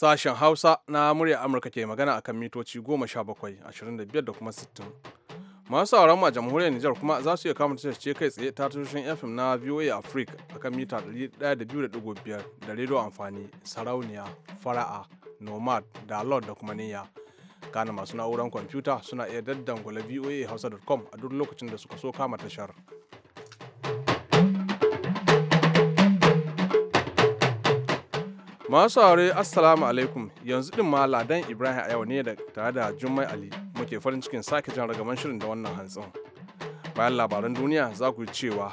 Sashen Hausa na murya Amurka ke magana akan mitoci 17, 25 da kuma 60. Masu sauran a jamhuriyar Nijar kuma za su iya kama tashar ce kai tsaye ta tushen FM na VOA Africa akan mita 102.5 da rediyo amfani sarauniya fara'a nomad da lord da kuma niyya kana masu na'urar kwamfuta suna iya daddangula voa hausa.com a duk lokacin da suka so kama tashar. Masu aure Assalamu alaikum yanzu din ma Ladan Ibrahim a yau ne da tare da Jummai Ali muke farin cikin sake jan ragaman shirin da wannan hantsin. Bayan labaran duniya za ku yi cewa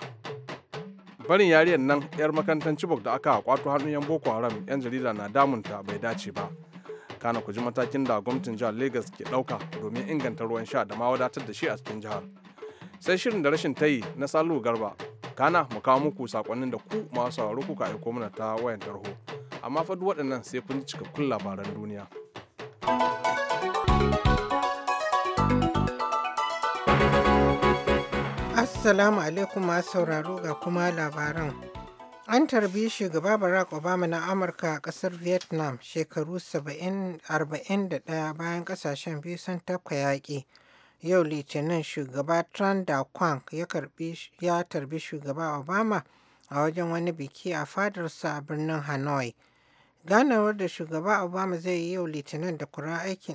barin yariyar nan 'yar makarantar Chibok da aka kwato hannun 'yan Boko Haram 'yan jarida na damunta bai dace ba. Kana ku ji matakin da gwamnatin jihar lagos ke ɗauka domin inganta ruwan sha da ma wadatar da shi a cikin jihar. Sai shirin da rashin tayi na Salu Garba. Kana mu kawo muku sakonnin da ku masu sauraro kuka aiko mana ta wayan tarho. amma fa duk waɗannan sai kun ji cikakkun labaran duniya. Assalamu alaikum masu sauraro ga kuma labaran. An tarbi shugaba Barack Obama na Amurka a ƙasar Vietnam shekaru 41 bayan ƙasashen biyu sun tafka yaƙi. Yau Litinin shugaba Tran Da Quang ya tarbi shugaba Obama a wajen wani biki a fadarsa a birnin Hanoi. Ganawar da shugaba Obama zai yi yau Litinin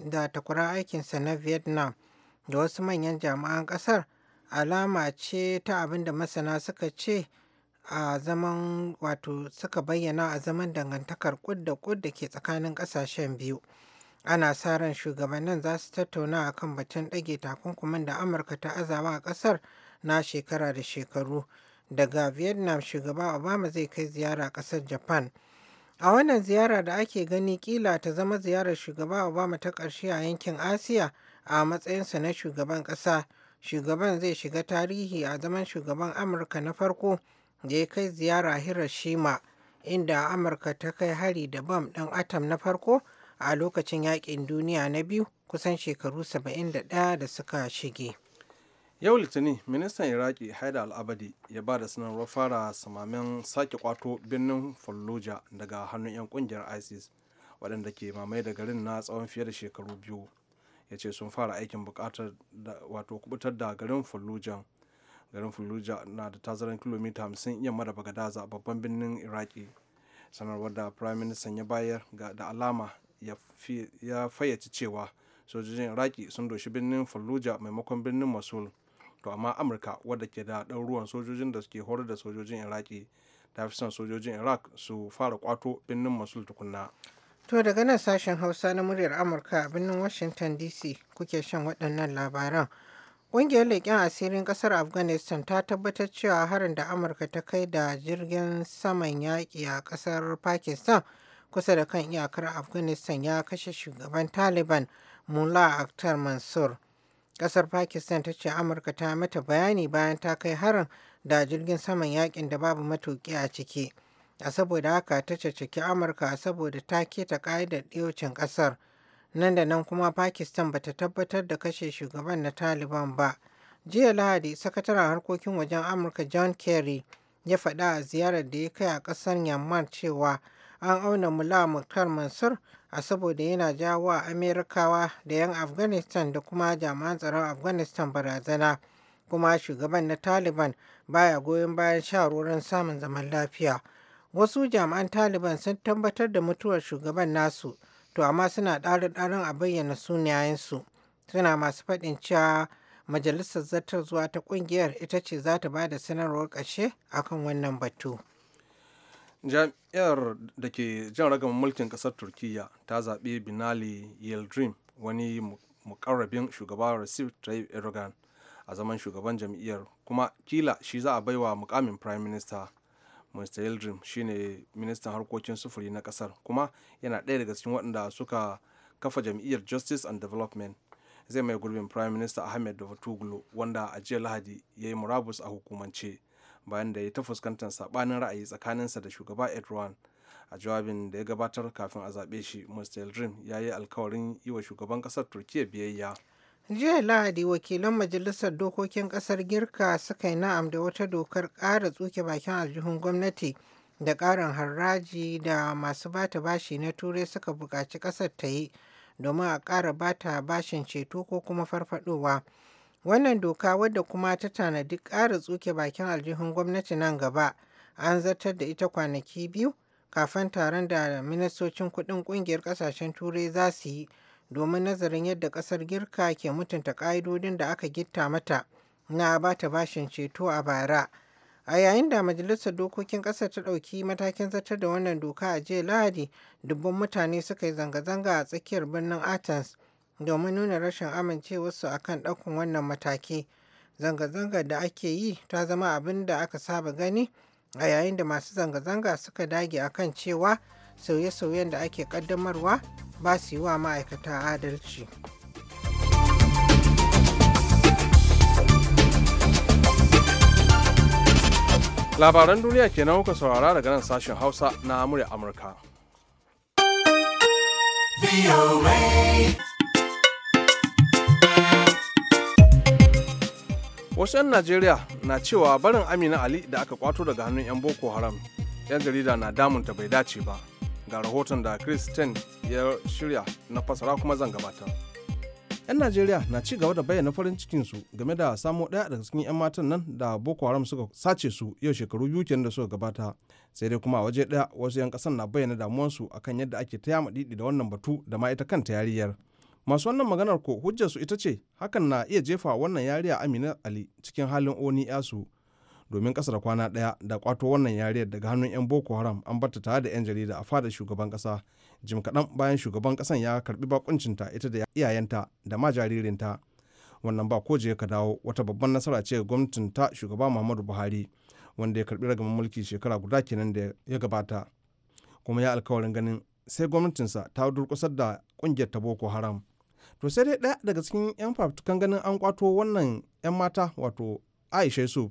da takura aikinsa na Vietnam da wasu manyan jami'an ƙasar alama ce ta abin da masana suka ce a zaman wato suka bayyana a zaman dangantakar kud da kud da ke tsakanin ƙasashen biyu. Ana sa ran shugabannin za su tattauna a kan batun ɗage takunkumin da Amurka ta azawa a ƙasar na shekara da shekaru. Daga Vietnam shugaba Obama zai kai ziyara ƙasar Japan. A wannan ziyara da ake gani kila ta zama ziyarar shugaba Obama ta ƙarshe a yankin Asiya a matsayinsa na shugaban ƙasa. Shugaban zai shiga tarihi a zaman shugaban Amurka na farko da ya kai ziyara Hiroshima inda Amurka ta kai hari da bam ɗin atom na farko a lokacin yaƙin duniya na biyu kusan shekaru 71 da suka shige. yau litinin ministan iraki haida al'abadi ya ba da sanarwar fara samamen sake kwato birnin fallujah daga hannun 'yan kungiyar isis waɗanda ke mamaye da garin na tsawon fiye da shekaru biyu ya ce sun fara aikin bukatar wato kubutar da garin fallujah garin fallujah na da tazaran kilomita 50 yamma da bagadaza babban birnin iraki sanarwar da prime minister ya bayar da alama ya fayyace cewa sojojin iraki sun doshi birnin fallujah maimakon birnin mosul to amma amurka wadda ke da ɗaruruwan sojojin da suke horar da sojojin iraki ta fi son sojojin iraq su fara kwato birnin masul tukunna to daga nan sashen hausa na muryar amurka a birnin washington dc kuke shan waɗannan labaran Ƙungiyar leƙen asirin ƙasar Afghanistan ta tabbatar cewa harin da Amurka ta kai da jirgin saman yaƙi a ƙasar Pakistan kusa da kan iyakar Afghanistan ya kashe shugaban Taliban Mullah Akhtar Mansur. Kasar Pakistan ta ce Amurka ta mata bayani bayan ta kai harin da jirgin saman yakin da babu matuƙi a ciki. A saboda haka ta caceki Amurka saboda ta keta ƙa'idar ɗiyocin ƙasar. Nan da nan kuma Pakistan ba ta tabbatar da kashe shugaban na Taliban ba. Jiya Lahadi, sakataren harkokin wajen Amurka John Kerry ya faɗa a ziyarar da ya kai a ƙasar Myanmar cewa an auna Mullah Muktar Mansur a saboda yana jawo wa amerikawa da 'yan afghanistan da kuma jami'an tsaron afghanistan barazana kuma shugaban na taliban baya goyon bayan shawarwarin samun zaman lafiya wasu jami'an taliban sun tabbatar da mutuwar shugaban nasu to amma suna ɗarin ɗarin a bayyana sunayensu suna masu faɗin cewa majalisar Zartar zuwa ta ƙungiyar ita ce za ta ba da sanarwar ƙarshe akan wannan batu. jami'ar da ke jan ragaman mulkin kasar turkiyya ta zaɓi binali yeldrim wani mukarrabin shugaba recep tayyip erdogan a zaman shugaban jami'ar kuma kila shi za a baiwa mukamin prime minister mr shi shine ministan harkokin sufuri na kasar kuma yana ɗaya daga cikin waɗanda suka kafa jami'ar justice and development zai mai gurbin prime minister ahmed davutoglu wanda a jiya lahadi ya yi murabus a hukumance bayan da ya ta fuskantar sabanin ra'ayi tsakaninsa da shugaba erdogan a jawabin da ya gabatar kafin a zaɓe shi mustelrim ya yi alkawarin yi wa shugaban ƙasar turkiyya biyayya jiya lahadi wakilan majalisar dokokin ƙasar girka suka yi na'am da wata dokar ƙara tsuke bakin aljihun gwamnati da ƙarin haraji da masu bata bashi na turai suka buƙaci ƙasar ta yi domin a ƙara bata bashin ceto ko kuma farfadowa. Wannan doka wadda kuma ta tanadi ƙara tsuke bakin aljihun gwamnati nan gaba an zartar da ita kwanaki biyu kafin taron da ministocin kudin kungiyar kasashen turai za su yi domin nazarin yadda kasar girka ke mutunta ƙa'idodin da aka gitta mata na ba ta bashin ceto a bara a yayin da majalisar dokokin ƙasar ta ɗauki matakin zartar da wannan doka a jiya lahadi dubban mutane suka yi zanga-zanga a tsakiyar birnin athens domin nuna rashin amincewarsu akan ɗaukun wannan mataki zanga-zangar da ake yi ta zama abin da aka saba gani a yayin da masu zanga-zanga suka dage akan cewa sauye-sauyen da ake ƙaddamarwa ba su yi wa ma'aikata adalci. labaran duniya ke kenan kuka saurara daga nan sashen hausa na murya amurka. wasu 'yan najeriya na cewa barin amina ali da aka kwato daga hannun 'yan boko haram 'yan jarida na damun ta bai dace ba ga rahoton da christian ya shirya na fasara kuma zan gabata. 'yan najeriya na ci gaba da bayyana farin cikinsu game da samo ɗaya daga cikin 'yan matan nan da boko haram suka sace su yau shekaru biyu kenan da suka gabata sai dai kuma a waje ɗaya wasu 'yan ƙasar na bayyana damuwansu akan yadda ake ta yama da wannan batu da ma ita kanta yariyar masu wannan maganar ko su ita ce hakan na iya jefa wannan yariya amina ali cikin halin oni yasu domin kasa da kwana daya da kwato wannan yariyar daga hannun yan boko haram an barta tare da yan jarida a fadar shugaban kasa jim kaɗan bayan shugaban kasan ya karbi bakuncinta ita da iyayenta da ma jaririnta wannan ba ko je ka dawo wata babban nasara ce ga gwamnatin ta shugaba muhammadu buhari wanda ya karbi ragaman mulki shekara guda kenan da ya gabata kuma ya alkawarin ganin sai gwamnatinsa ta durkusar da kungiyar ta boko haram to sai dai ɗaya daga cikin 'yan fafutukan ganin an kwato wannan 'yan mata wato aisha yusuf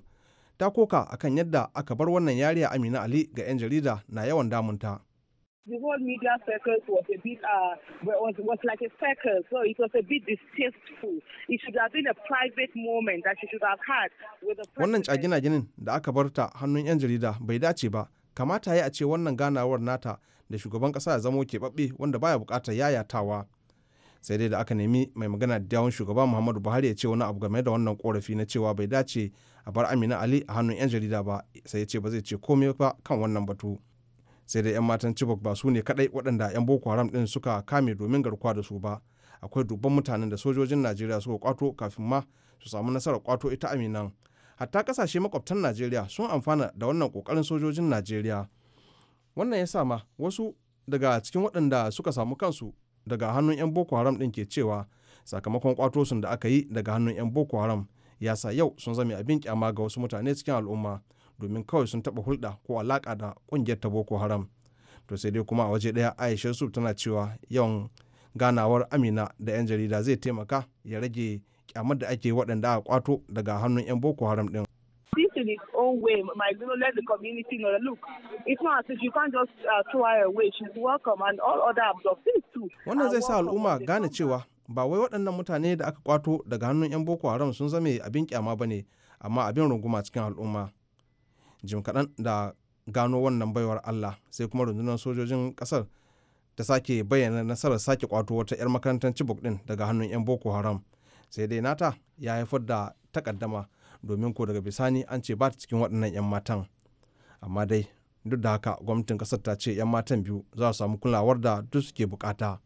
ta koka akan yadda aka bar wannan yari a amina ali ga 'yan jarida na yawan damunta. the whole media circus was a bit uh, was, was like a circus, so it was a bit distasteful. It should have been a private moment that she should have had with the Wannan cagina-ginin da aka barta hannun 'yan jarida bai dace ba, kamata ya a ce wannan ganawar nata da shugaban ƙasa ya zamo keɓaɓɓe wanda baya buƙatar yayatawa. sai dai da aka nemi mai magana da yawon shugaba muhammadu buhari ya ce wani abu game da wannan korafi na cewa bai dace a bar amina ali a hannun 'yan jarida ba sai ya ce ba zai ce komai ba kan wannan batu sai dai 'yan matan chibok ba su ne kadai waɗanda 'yan boko haram ɗin suka kame domin garkuwa da su ba akwai dubban mutanen da sojojin najeriya suka kwato kafin ma su samu nasarar kwato ita aminan hatta kasashe makwabtan najeriya sun amfana da wannan kokarin sojojin najeriya wannan ya sa ma wasu daga cikin waɗanda suka samu kansu daga hannun 'yan boko haram ɗin ke cewa sakamakon kwato sun da aka yi daga hannun 'yan boko haram ya sa yau sun zame abin kyama ga wasu mutane cikin al'umma domin kawai sun taɓa hulɗa ko alaƙa da ƙungiyar ta boko haram to sai dai kuma a waje ɗaya aisha su tana cewa yawan ganawar amina da 'yan jarida zai taimaka ya rage kyamar da ake waɗanda a kwato daga hannun 'yan boko haram ɗin in its own way might you know, let the community know that look, it's not as if you can't just uh, throw her away. She's welcome and all other abductees too. Wannan zai sa al'umma gane cewa ba wai waɗannan mutane da aka kwato daga hannun 'yan Boko Haram sun zame abin kyama ba ne, amma abin runguma cikin al'umma. Jim kaɗan da gano wannan baiwar Allah sai kuma rundunar sojojin ƙasar ta sake bayyana nasarar sake kwato wata 'yar makarantar Chibok ɗin daga hannun 'yan Boko Haram. Sai dai nata ya haifar da takaddama domin ko daga bisani an ce ba ta cikin waɗannan 'yan matan amma dai duk da haka gwamnatin ƙasar ta ce 'yan matan biyu za su samu kulawar da duk suke bukata.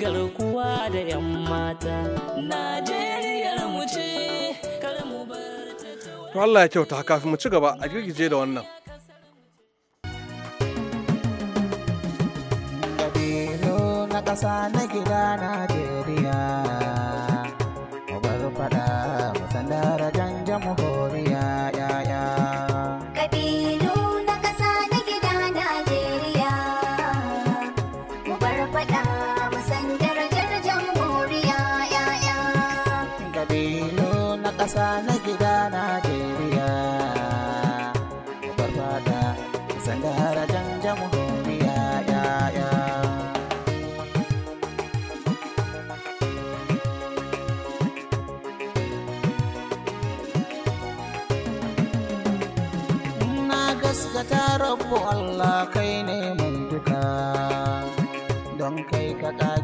garkuwa da 'yan mata. Najeriyar mu ce, kar mu bar ta To Allah ya kyauta kafin mu ci gaba a girgije da wannan. matasa na gida Najeriya.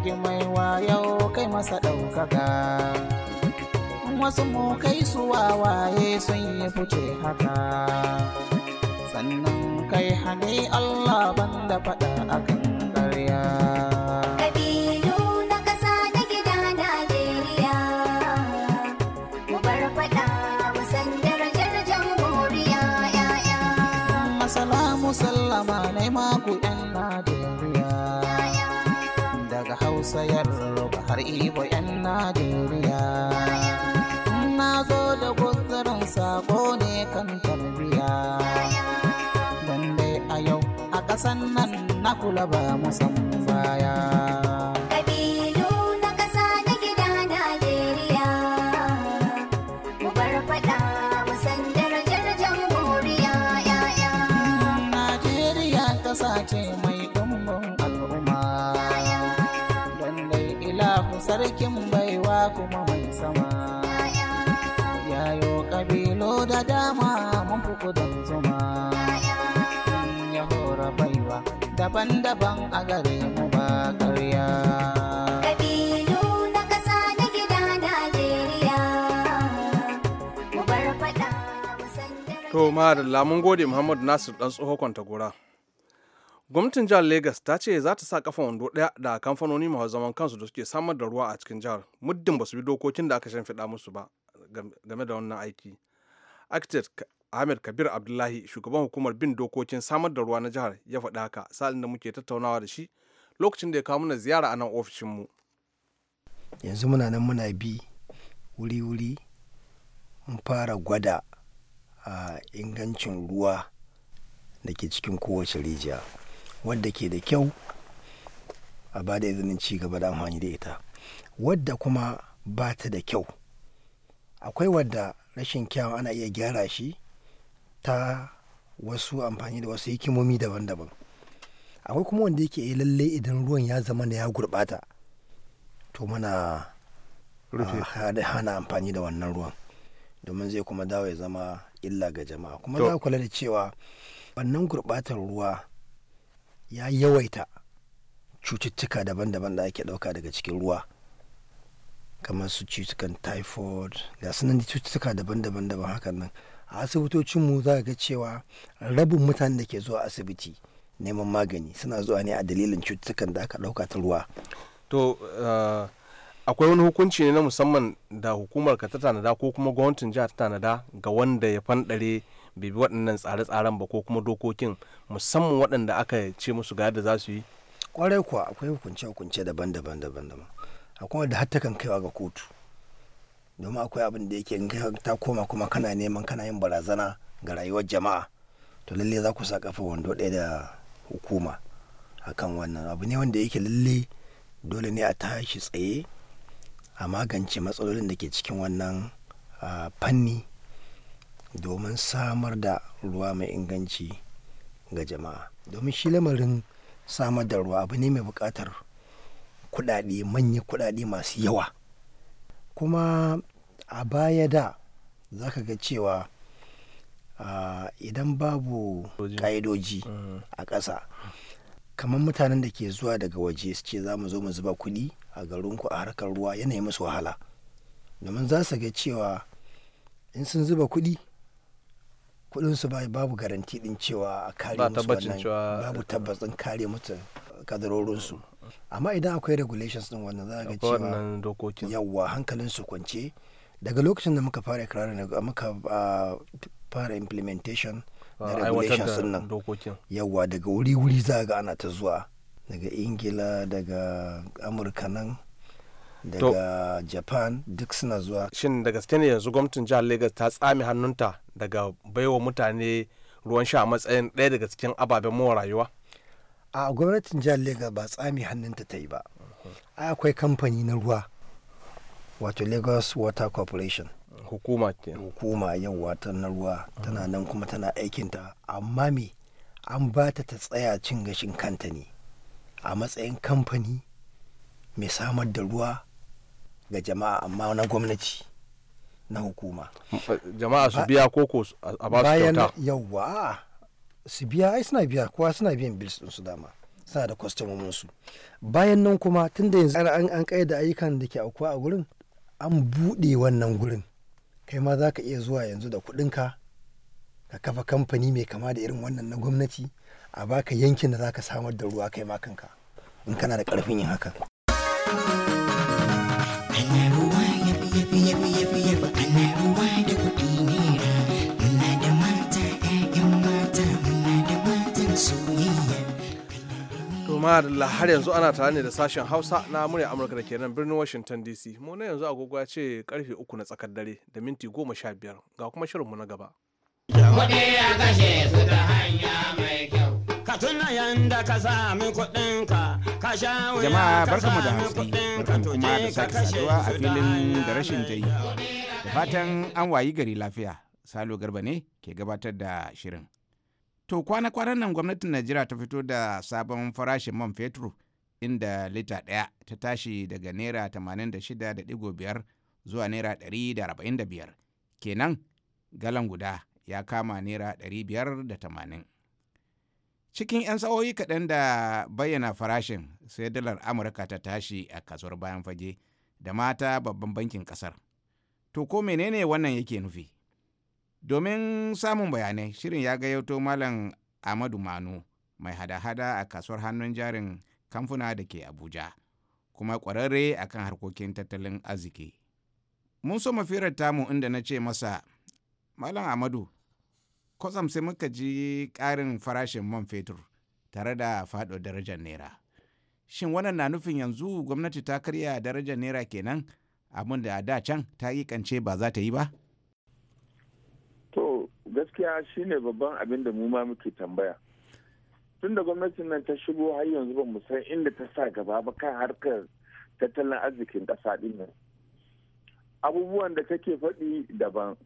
ji mai wayo kai masa ɗaukaka wasu mu kai su wawaye sun yi fice haka sannan kai hane Allah banda faɗa kan ƙarya Salamu sallama na maku ɗan sayar roba har ibo 'yan Najeriya. Na zo da guzarin sako ne kan tarbiya. dan dai a yau a kasan nan na kula ba musamman baya. sarkin baiwa kuma mai sama yayo kabilo da dama mun fi kudan zuma ya hora baiwa daban-daban a gare mu ba karya. To ma da lamun gode Muhammadu Nasir dan tsoho kwanta gora. gwamnatin jihar lagos ta ce za ta sa kafa wando ɗaya da kamfanoni masu zaman kansu da suke samar da ruwa a cikin jihar muddin ba su bi dokokin da aka shimfiɗa musu ba game da wannan aiki architect ahmed kabir abdullahi shugaban hukumar bin dokokin samar da ruwa na jihar ya faɗi haka salin da muke tattaunawa da shi lokacin da ya kawo mana ziyara a nan ofishin mu. yanzu muna nan muna bi wuri-wuri mun fara gwada a ah, ingancin ruwa da ke cikin kowace rijiya wadda ke da kyau a ba da izinin ci gaba da amfani da ita wadda kuma ba ta da kyau akwai wadda rashin kyawun ana iya gyara shi ta wasu amfani da wasu hikimomi daban-daban akwai kuma wanda yake yi eh, lalle idan ruwan ya zama da ya gurbata to mana ah, hana amfani da wannan ruwan domin zai kuma dawo ya zama illa ga jama'a kuma za kula da cewa wannan gurɓatar ruwa ya yawaita cututtuka daban-daban da ake ɗauka daga cikin ruwa kamar su cutukan typhoid ga sunan cututtuka daban-daban daban hakan nan a asibitocinmu za ga cewa rabin mutanen da ke zuwa asibiti neman magani suna zuwa ne a dalilin cututtukan da aka ɗauka ta ruwa to eh, akwai wani hukunci ne na musamman da hukumar ka ta tanada ko kuma gwamnatin jihar ta tanada ga wanda ya fanɗare bibi bi waɗannan tsare-tsaren ba ko kuma dokokin musamman waɗanda aka ce musu ga da za su yi kwarai kuwa akwai hukunce-hukunce daban-daban daban-daban akwai wanda har takan kaiwa ga kotu domin akwai abin da yake ta koma kuma kana neman kana yin barazana ga rayuwar jama'a to lalle za ku sa kafa wando ɗaya da hukuma akan wannan abu ne wanda yake lalle dole ne a tashi tsaye a magance matsalolin da ke cikin wannan ah, fanni domin samar da ruwa mai inganci ga jama'a domin shi lamarin samar da ruwa abu ne mai buƙatar kuɗaɗe manyan kuɗaɗe masu yawa kuma a baya da za ka ga cewa idan babu ka'idoji a ƙasa kamar mutanen da ke zuwa daga waje su ce za mu zo mu zuba kuɗi a garinku a harkar ruwa yanayi musu wahala domin za su ga cewa in sun zuba kuɗi kudinsu babu garanti din cewa a kare musu wannan babu tabbacin kare musu kadarorinsu amma idan akwai regulations din wannan za ga cewa yawa hankalin su kwance daga lokacin da muka fara ikirarin muka ah, fara implementation da regulations din nan yawa daga wuri wuri za ga ana ta zuwa daga ingila daga amurka nan daga japan duk suna zuwa shin da gaske ne yanzu gwamnatin jihar lagos ta tsame hannunta daga baiwa mutane ruwan sha a matsayin ɗaya daga cikin ababen mawa rayuwa a gwamnatin jihar lagos ba tsami hannunta ta yi ba akwai kamfani na ruwa wato lagos water corporation hukuma ke hukuma yauwa ta na ruwa tana nan kuma tana aikinta amma me an ba ta ta tsaya cin gashin kanta ne a matsayin kamfani mai samar da ruwa ga jama'a amma na gwamnati na hukuma jama'a su biya koko a ba su kyauta yawwa su biya ai suna biya kowa suna biyan bills din su dama suna da kwastomomin su bayan nan kuma tun da yanzu an an da ayyukan da ke aukuwa a gurin an buɗe wannan gurin kai ma za ka iya zuwa yanzu da kuɗin ka ka kafa kamfani mai kama da irin wannan na gwamnati a baka yankin da za ka samar da ruwa kai ma kanka in kana da ƙarfin yin hakan. madalla har yanzu ana tare ne da sashen hausa na murya amurka da kenan nan birnin washington dc mu yanzu agogo ya ce karfe uku na tsakar dare da minti goma sha biyar ga kuma shirinmu na gaba jama'a barkamu da hantsi barkan kuma da sake saduwa a filin da rashin ta yi da fatan an wayi gari lafiya salo garba ne ke gabatar da shirin To kwana-kwanan nan gwamnatin Najeriya ta fito da sabon farashin man fetur inda lita ɗaya ta tashi daga naira 86.5 zuwa naira ɗari da 145 kenan galan guda ya kama naira ɗari biyar da tamanin. Cikin 'yan sa'o'i kaɗan da bayyana farashin sai dalar Amurka ta tashi a kasuwar bayan fage da mata babban bankin ƙasar. To ko menene wannan yake nufi? Domin samun bayanai, shirin ya gayyato Malam amadu Manu mai hada-hada a kasuwar hannun jarin kamfuna da ke Abuja, kuma ƙwararre a kan harkokin tattalin arziki. Mun so mafirar tamu inda na ce masa, Malam Ahmadu, kwatsam sai muka ji karin farashin man fetur tare da faɗo darajar Naira. Shin wannan na nufin yanzu gwamnati ta karya darajar Naira kenan abin da da can ta yi kance ba za ta yi ba? gaskiya shine babban abin da mu ma muke tambaya tun da gwamnatin nan ta shigo har yanzu ba mu san inda ta sa gaba ba kan harkar tattalin arzikin ƙasa ɗin nan abubuwan da take faɗi daban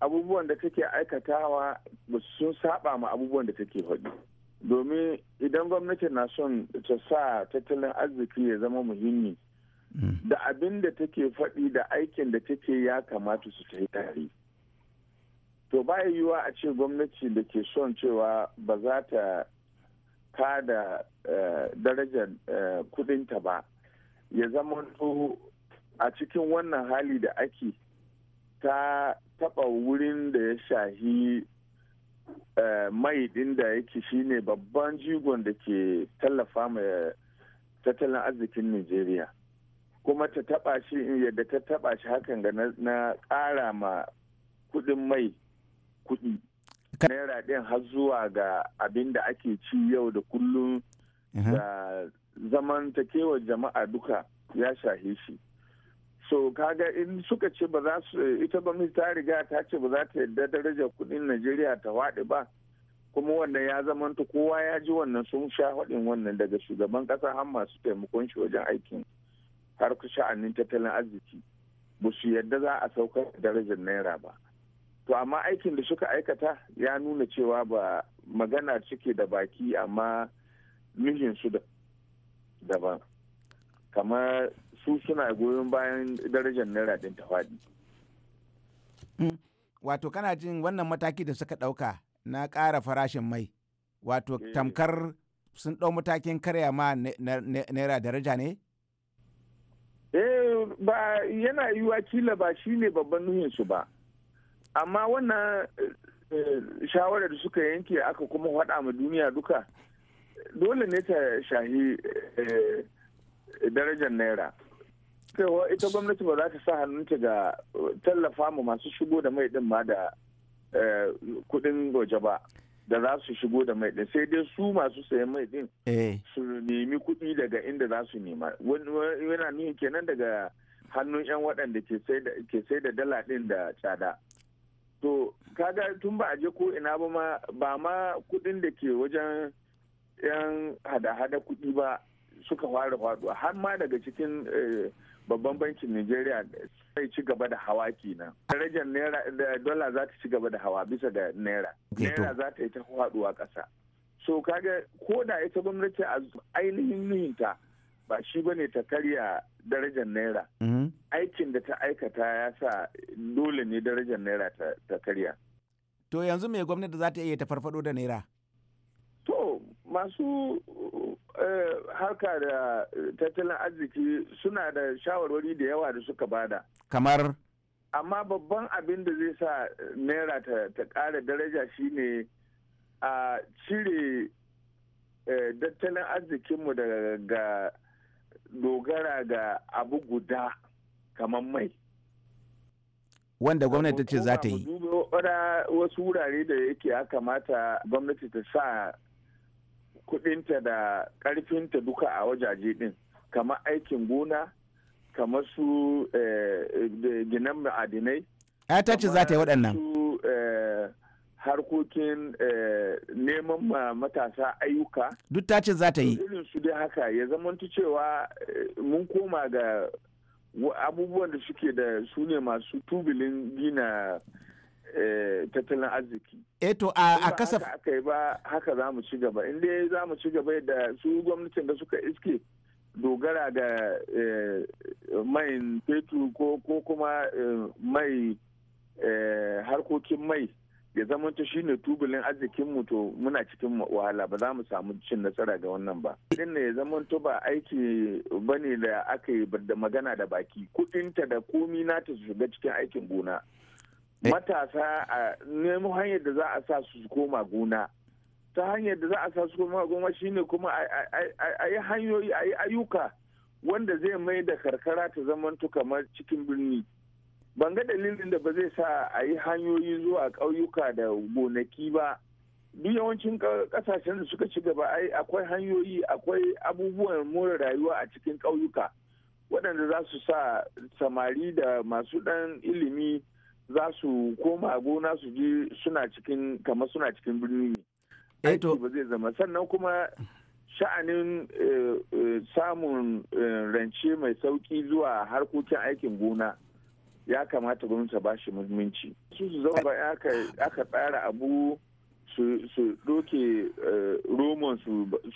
abubuwan da take aikatawa sun saba ma abubuwan da take faɗi domin idan gwamnati na son ta sa tattalin arziki ya zama muhimmi mm. da abin da take faɗi da aikin da take ya kamata su ta yi tare to ba yiwuwa a ce gwamnati da ke son cewa ba za ta kada eh, darajar eh, kudinta ba ya zama a cikin wannan hali da ake ta taba wurin da ya shahi eh, mai din da yake shine babban jigon da ke tallafa ma tattalin arzikin nigeria kuma ta taba shi yadda ta taba shi hakan ga na ƙara ma kudin mai kuɗi naira ɗin har zuwa ga abin da ake ci yau da kullum da zamantakewar jama'a duka ya shahe shi so kaga in suka ce ba za su ita ba ta riga ta ce ba za ta yarda daraja kuɗin najeriya ta waɗe ba kuma wannan ya zamanta kowa ya ji wannan sun sha haɗin wannan daga shugaban ƙasa har masu taimakon shi wajen aikin har sha'anin tattalin arziki ba su yadda za a saukar darajar naira ba to amma aikin da suka aikata ya nuna cewa ba magana suke da baki amma su daban kamar su suna goyon bayan darajar naira ɗin ta mm. wato kana jin wannan mataki da suka dauka na ƙara farashin mai wato eh. tamkar sun ɗau matakin karya ma naira daraja ne? eh ba yana yiwuwa kila ba shi ne babban nuhinsu ba amma wannan eh, shawarar da suka yanke aka kuma faɗa ma duniya duka dole ne ta shahi eh, darajar naira cewa ita gwamnati ba za ta sa hannunta ga tallafa ma masu shigo da mai din ma da eh, kudin waje ba da za su shigo da mai din sai dai su masu sayan mai din su nemi kudi daga inda za su nema yana nuhin kenan daga hannun 'yan waɗanda ke sai da dala din da tsada to kaga tun ba a je ko ina ba ma ba ma kudin da ke wajen yan hada-hada kudi ba suka fara faduwa har ma daga cikin eh, babban bankin nigeria sai ci gaba da hawa kenan darajar naira da dola za ta ci gaba da hawa bisa da naira naira za ta yi ta faduwa ƙasa so kaga ko da ita gwamnati a ainihin nuhinta ba shi bane ta karya darajar naira mm-hmm. aikin da ta aikata ya sa dole ne darajar naira ta karya to yanzu me gwamnati za ta iya ta farfado da naira to masu eh, harka da tattalin arziki suna da shawarwari da yawa da suka bada kamar amma babban abin da zai sa naira ta ƙara daraja shine a cire eh, tattalin arzikinmu daga dogara ga abu guda kamar mai wanda gwamnati ta ce za ta yi wasu wurare da yake ya kamata gwamnati ta sa kudinta da karfinta duka a wajaje din kamar aikin gona kamar su eh, eh, ginan ma'adinai ya ta ce za ta yi waɗannan eh, harkokin eh, neman matasa ayyuka duk ta ce za ta yi irin su dai haka ya zamantu cewa eh, mun koma ga abubuwan da suke da su ne masu tubulin gina eh, tattalin arziki eto a kasa aka yi ba haka za mu ci gaba inda za mu ci gaba da su gwamnatin da suka iske dogara ga mai fetur ko kuma mai harkokin mai ya zamanta shine tubulin arzikin mu to muna cikin wahala ba za mu samu cin nasara ga wannan ba din ne ya zamanto ba aiki bane da aka yi da magana da baki kudinta da komi nata su shiga cikin aikin gona eh. matasa a nemo hanyar da za a sa su koma gona ta hanyar da za a sa su koma gona shine kuma a yi hanyoyi a yi ayyuka wanda zai mai da karkara ta zamanto kamar cikin birni ban ga dalilin da ba zai sa a yi hanyoyi zuwa ƙauyuka da gonaki ba duk yawancin ƙasashen da suka ci gaba akwai hanyoyi akwai abubuwan more rayuwa a cikin ƙauyuka waɗanda za su sa samari da masu ɗan ilimi za su koma gona su ji suna cikin kamar suna cikin birni ne eh, ba zai zama sannan kuma sha'anin eh, eh, samun rance mai sauƙi zuwa harkokin aikin gona ya kamata gwamnati ba shi muhimmanci su su zama ba aka tsara abu su doke eh, roman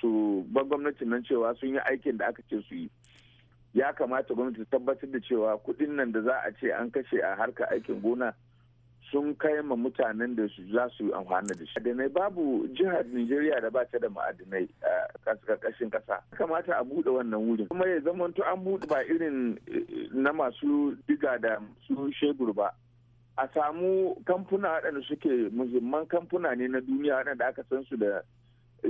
su ban gwamnatin nan cewa sun yi aikin da aka ce su yi ya kamata gwamnati tabbatar da cewa kudin nan da za a ce an kashe a harka aikin gona sun kai ma mutanen da su za su amfana da shi. adinai babu jihar nigeria da ba ta da ma'adinai a ƙarƙashin ƙasa. Kamata a buɗe wannan wurin. Kuma ya to an buɗe ba irin e, na masu diga da su shegur ba. A samu kamfuna waɗanda suke muhimman kamfuna ne na duniya waɗanda aka san su da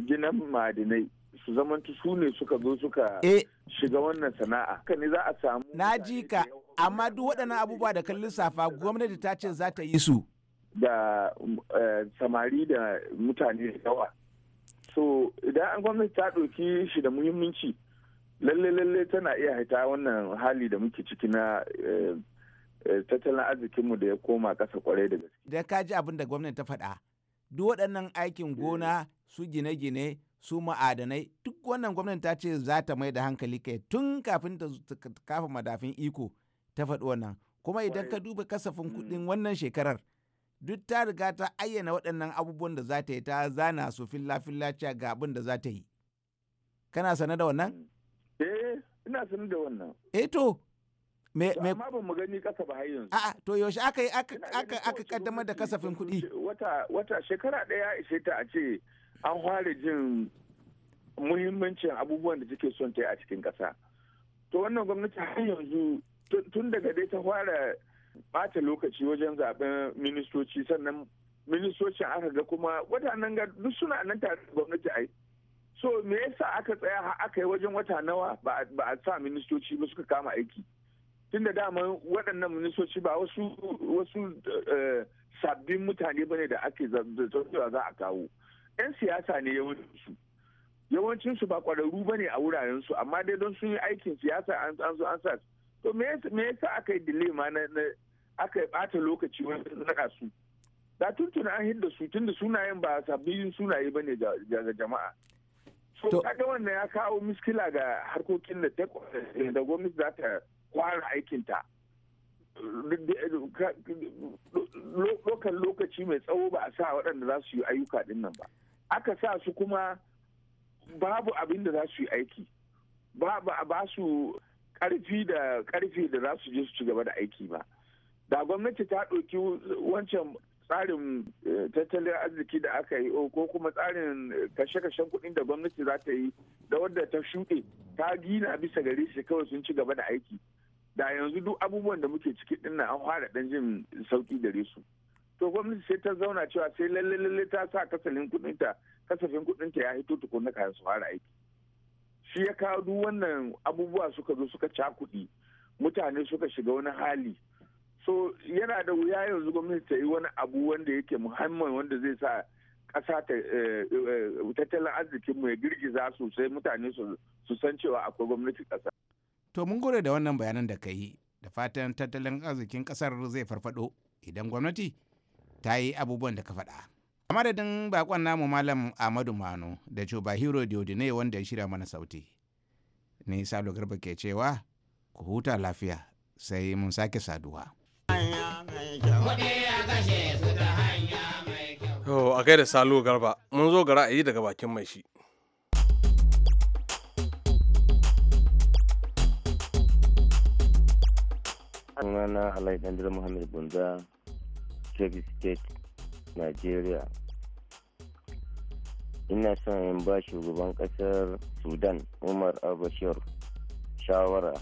ginan ma'adinai. Su zamanto su ne suka zo suka eh. shiga wannan sana'a. Haka ne za a samu. Na ji ka. amma duk waɗannan abubuwa da kan lissafa gwamnati ta ce za ta yi su da um, eh, samari da mutane da yawa so idan an gwamnati ta ɗauki shi da muhimmanci lalle lalle tana iya haita wannan hali da muke ciki na eh, eh, tattalin arzikinmu da ya koma ƙasa kwarai da gaske da ka ji abin da gwamnati ta faɗa duk waɗannan aikin gona su gine-gine su ma'adanai duk wannan gwamnati ta ce za ta mai da hankali kai tun kafin ta kafa madafin iko ta faɗi wannan kuma idan ka duba kasafin mm. kuɗin wannan shekarar duk ta riga ta ayyana waɗannan abubuwan da za ta yi ta zana su filla filla cewa ga abin da za ta yi kana sane da wannan mm. eh ina sane da wannan eh to me me amma ban mu gani kasa ba yanzu a'a to yaushe aka yi aka aka kaddamar da kasafin kuɗi wata wata shekara ɗaya ishe ta a ce an fara jin muhimmancin abubuwan da take son ta yi a cikin ƙasa to wannan gwamnati har yanzu tun daga dai ta fara bata lokaci wajen zaben ministoci sannan ministocin aka ga kuma nan ga duk suna nan tare da gwamnati ai so me yasa aka tsaya har aka yi wajen wata nawa ba a sa ministoci ba suka kama aiki tunda dama waɗannan ministoci ba wasu wasu eh, sabbin mutane bane da ake zartarwa za a kawo 'yan siyasa ne yawancinsu yawancinsu ba ƙwararru bane a wurarensu amma dai don sun yi aikin siyasa an an sa to me yasa aka yi delay ma na aka yi bata lokaci wani na su da tuntuna an hidda su tun tunda sunayen ba sabbin sunaye ba ne ga jama'a so kaga wannan ya kawo miskila ga harkokin da da gwamnati za ta kwara aikinta lokan lokaci mai tsawo ba a sa waɗanda za su yi ayyuka din nan ba aka sa su kuma babu abin da za su yi aiki ba su karfi da karfi da za su je su ci gaba da aiki ba da gwamnati ta ɗauki wancan tsarin eh, tattalin arziki da aka yi ko kuma tsarin kashe-kashen kuɗin da gwamnati za ta yi da wadda ta shuɗe ta gina bisa gare shi kawai sun ci gaba da aiki da yanzu duk abubuwan da muke ciki ɗin an fara ɗan jin sauƙi gare su to gwamnati sai ta zauna cewa sai lalle lalle ta sa kasafin kuɗinta kasafin kuɗinta ya hito tukun na kayan su fara aiki shi ya kawo duk wannan abubuwa suka zo suka cakuɗi mutane suka shiga wani hali so yana da wuya yanzu gwamnati ta yi wani abu wanda yake muhammad wanda zai sa ƙasa ta eh, eh, tattalin arzikinmu ya girgiza sosai mutane su san cewa akwai gwamnati ƙasa. to mun gode da wannan bayanan da ka yi da fatan tattalin arzikin ƙasar zai farfado idan gwamnati ta yi abubuwan da ka faɗa. a madadin bakon namu malam ahmadu manu da cuba hero diodine wanda ya shirya mana sauti ni salo garba ke cewa ku huta lafiya sai mun sake saduwa Oh, a da salo garba mun zo gara ayi daga bakin mai shi sunana alai dandar muhammad bunza service state najeriya ina son in ba shugaban kasar sudan umar abashir shawara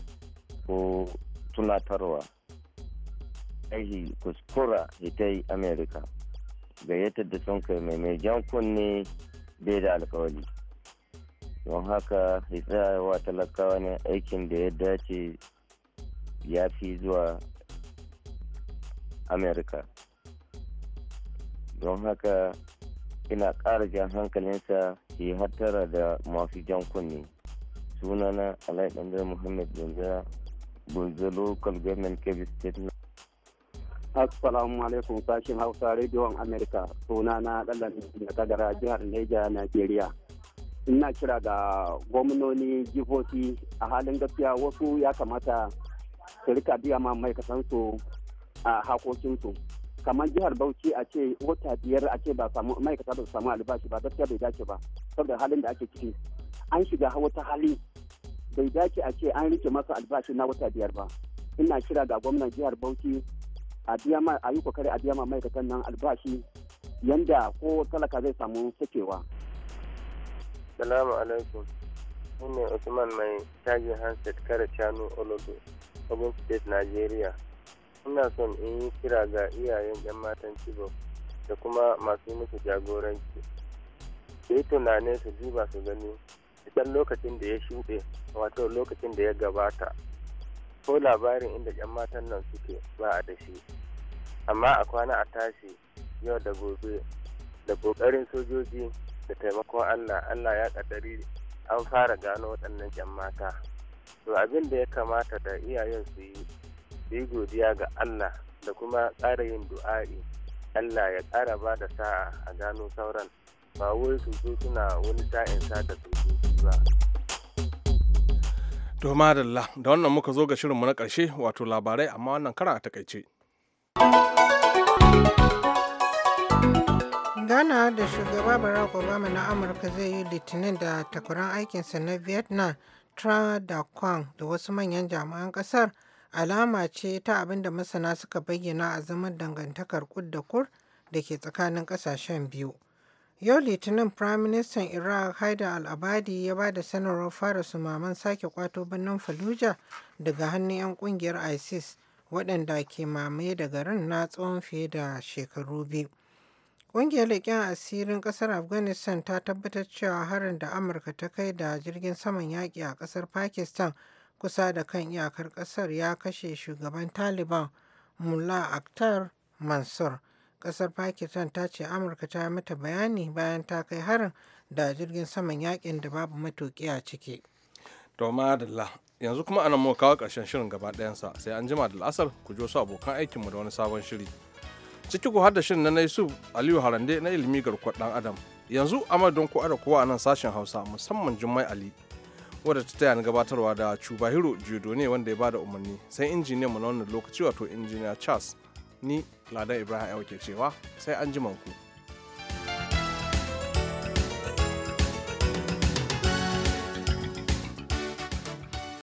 ko tunatarwa ahi kuskura ita yi amerika gayyatar da sun kai mai mai jan kunne bai da alkawari don haka wa talakawa ne aikin da ya dace ya fi zuwa amerika don haka ina ƙara jan hankalinsa ya yi hattara da masu jan kunne sunana alai ɗandar muhammad gunzara local government kebbi state assalamu alaikum sashen hausa rediyon america sunana ɗallan da kagara jihar neja nigeria ina kira ga gwamnoni jihohi a halin gaskiya wasu ya kamata su rika biya ma mai kasansu a hakokinsu kamar jihar bauchi a ce wata biyar a ce ba samu ma'aikata ba samu albashi ba gaskiya bai dace ba saboda halin da ake ciki an shiga wata hali bai dace a ce an rike masa albashi na wata biyar ba ina kira ga gwamnan jihar bauchi a biya ma a yi kokari a biya ma ma'aikatan nan albashi yanda ko talaka zai samu sakewa salamu alaikum ne usman mai tajin hanset kare chanu olodo ogun state nigeria ina son in yi kira ga iyayen 'yan matan cibo da kuma masu musu jagoranci. da yi tunanin su duba su gani idan lokacin da ya shuɗe wato lokacin da ya gabata ko labarin inda 'yan matan nan suke ba a da shi. Amma a kwana a tashi yau da gobe da ƙoƙarin sojoji da taimakon Allah Allah ya ƙadari an fara gano waɗannan 'yan mata. To abin da ya kamata da iyayen su yi su yi godiya ga Allah da kuma ƙara yin du'a'i Allah ya ƙara ba da sa'a a gano sauran ba wai su zo suna wani sa'in sata tsokoki ba. To madalla da wannan muka zo ga shirinmu na ƙarshe wato labarai amma wannan kara a takaice. Ghana da shugaba Barack Obama na Amurka zai yi litinin da takwaran aikinsa na Vietnam Tra da Kwang da wasu manyan jami'an ƙasar alama ce ta abin da masana suka bayyana a zaman dangantakar kud da kur da ke tsakanin ƙasashen biyu. Yau Litinin Firaministan Iraq haida al-Abadi ya ba da sanarwar fara sumaman sake kwato birnin Fallujah daga hannun 'yan kungiyar ISIS waɗanda ke mamaye da garin na tsawon fiye da shekaru biyu. Ƙungiyar leƙen asirin ƙasar Afghanistan ta tabbatar cewa harin da Amurka ta kai da jirgin saman yaƙi a ƙasar Pakistan kusa da kan iyakar ƙasar ya kashe shugaban Taliban Mullah Akhtar Mansur. Ƙasar Pakistan ta ce Amurka ta mata bayani bayan ta kai harin da jirgin saman yakin da babu matuƙi a ciki. yanzu kuma anan muka kawo ƙarshen shirin gaba ɗayansa sai an jima da la'asar ku ji wasu abokan aikinmu da wani sabon shiri. Ciki ku har da shirin na Yusuf Aliyu Harande na ilimi garkuwar ɗan Adam. Yanzu amadon ku ada kowa a nan sashen Hausa musamman Jummai Ali wadda ta taya na gabatarwa da Chubahiro ne wanda ya bada umarni sai injiniyan mu na wannan lokaci wato injiniya Charles ni Ladan Ibrahim ya ke cewa sai an ku.